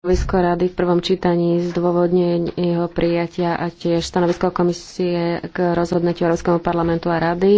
Stanovisko rady v prvom čítaní zdôvodne jeho prijatia a tiež stanovisko komisie k rozhodnutiu Európskeho parlamentu a rady.